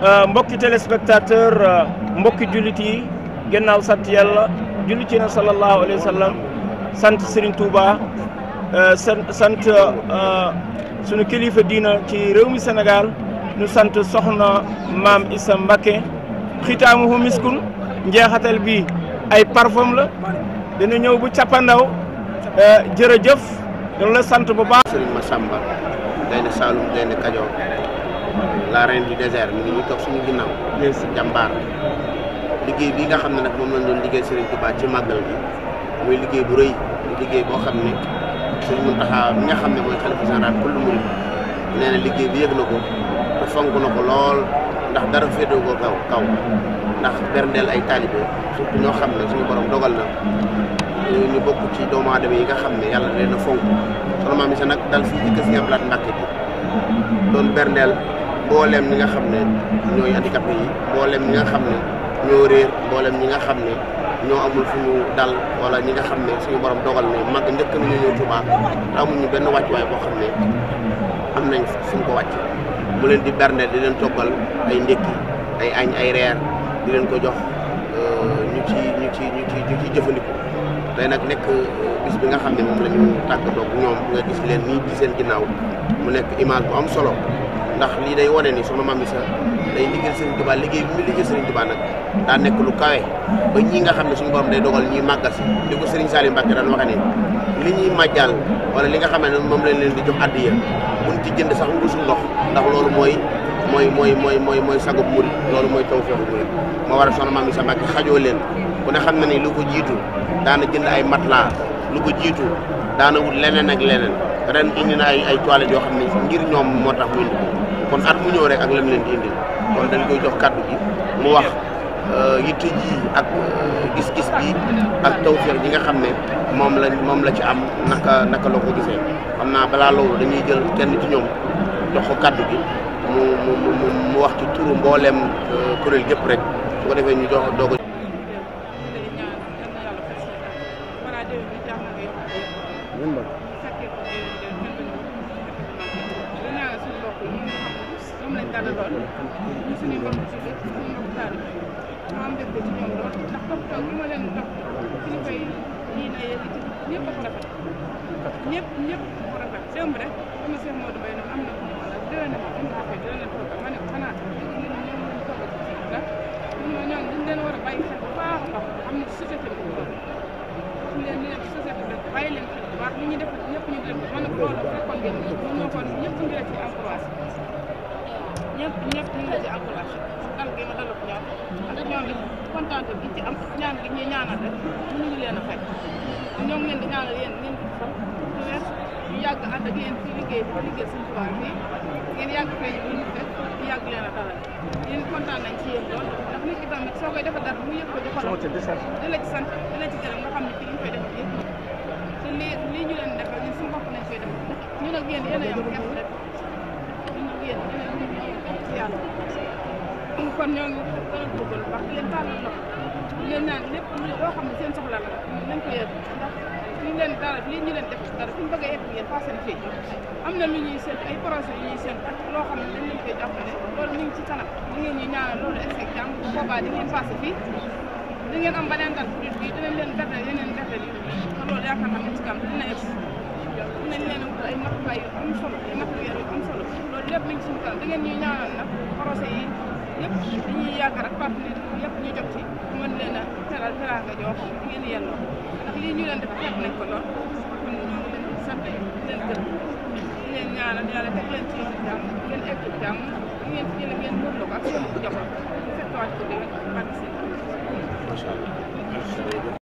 Euh, mbokki téléspectateur euh, mbokki jullit yi gannaaw sant yàlla julli ci na sallallahu alayhi wa sant Serigne Touba euh, sant sunu kilifa diina ci réew mi Sénégal nu sant soxna maam Issa Mbacké xitaamuhu miskun njeexatal bi ay parfum la dana ñëw bu cappandaw jërëjëf dañu la sant bu baax Serigne Massamba gaynde Saalum gaynde Kajoor la reine du désert mu ngi ñuy toog suñu ginnaaw. si jàmbaar liggéey bi nga xam ne nag moom lañ doon liggéey Serigne Touba ci màggal bi muy liggéey bu rëy liggéey boo xam ne Serigne Mountakha mi nga xam ne mooy xalifa général kullu na liggéey bi yëg na ko te na ko lool ndax dara féetoo ko kaw kaw ndax ay taalibe ñoo xam ne suñu borom dogal na ñu bokk ci doomu aadama yi nga xam ne yàlla leen a fonk sunu maam yi sa nag dal fii ci kër Sëriñ Abdou Lahad Mbacké bi doon berndeel mbooleem ñi nga xam ne ñooy handicapé yi mboolem ñi nga xam ne ñoo réer mboolem ñi nga xam ne ñoo amul fu ñu dal wala ñi nga xam ne suñu borom dogal ne mag njëkk nañu ñëw Touba te amuñu benn wàccuwaay boo xam ne am nañ suñ ko wàcc mu leen di berndeel di leen toggal ay ndékki ay añ ay reer di leen ko jox euh, ñu ci ñu ci ñu ci ñu ciy jëfandikoo tey nag nekk bis bi nga xam ne moom la ñu tàggatoo ak ñoom nga gis leen nii ci seen ginnaaw mu nekk image bu am solo ndax lii day wane ni sama maam Issa day liggéey Serigne Touba liggéey bi muy liggéey Serigne Touba nag daa nekk lu kawe ba ñii nga xam ne suñu borom day dogal ñuy màggal si li ko Serigne saali Mbacké daan waxe ne li ñuy màjjal wala li nga xam ne moom lañ leen di jox addiya buñ ci jënd sax nguusu ndox ndax loolu mooy mooy mooy mooy mooy mooy sagub murit loolu mooy taw feexu murit moo war a soxna sa Issa Mbacke xajoo leen ku ne xam na ni lu ko jiitu daana jënd ay matelas lu ko jiitu daana wut leneen ak leneen ren indi na ay ay yoo xam ne ngir ñoom moo tax mu indi kon at mu ñëw rek ak lam leen di indi kon dañ koy jox kàddu gi mu wax euh, yitte ji ak euh, gis-gis bi ak tawfeex ji nga xam ne moom la moom la ci am naka naka la ko gisee xam naa balaa loolu dañuy jël kenn ci ñoom jox kàddu gi mu mu wax ci turu mbooleem kuréel gépp rek su ko defee ñu doog a doog ñëpp ñëpp rafet démb rek am na seen Modou am na war a bàyyi xel bu baax a baax am na ci société bi ñu toll su ñu leen di société bi bàyyi leen xel bu baax li ñu def ñëpp ñu def mën a xool fekkoon ngeen ñun ñoo xool ñëpp ñu la ci encouragé ñëpp ñëpp ñu la ci encouragé dal gi ma daloo ñoom ak ñoom it kontaante gi ci am ñaan gi ñuy ñaanal rek mënuñu leen a faj ñoo ngi leen di ñaanal yéen ngeen di sax ñu wees ñu yàgg ànd ak yéen ci liggéey bi liggéey suñu tubaab bi ngeen yàgg fay ñu fekk yàgg leen a dalal yéen kontaan nañ ci yéen lool xam ne soo koy defal dara mu yëg ko di xolam di la ci sant di la ci gërëm nga xam ne ñu koy def ñu leen defal ñun suñu bopp lañ def ñu nag yéen yéen a yam képp rek ñu nag yéen yéen a yam képp si yàlla kon ñoo ngi gën di leen tàllal loxo ko yëg ndax li leen dara li ñu leen def dara fi ñu bëgg a yegg yéen passé na fii am na lu ñuy seet ay projet yu ñuy seet ak loo xam ne dañ leen koy jàppale loolu ñu ngi ci kanam li ngeen ñuy ñaanal loolu egsi ak jàmm bu boobaa di ngeen passé fii di ngeen am beneen dal produit bi dinañ leen gàttal yeneen gàttal yi te loolu yaakaar naa ne ci kanam dina egsi dinañ leen wutal ay matuwaay yu am solo ay matériel yu am solo loolu lépp mi ngi suñu kanam da ngeen ñuy ñaanal nag projet yi yëpp dañuy yaakaar ak partenaire yëpp ñu jot ci mën leen a defal teranga joo xam ne ngeen yelloo ndax lii ñu leen defal xeeb nañ ko lool kon ñoo ngi leen di sant di leen gërëm di leen ñaanal yàlla teg leen ci yoonu jàmm ngeen egg ci jàmm ngeen ci jëlee ngeen wóorloo ko ak seen njaboot bu fekkewaat ko déwén barke seen macha allah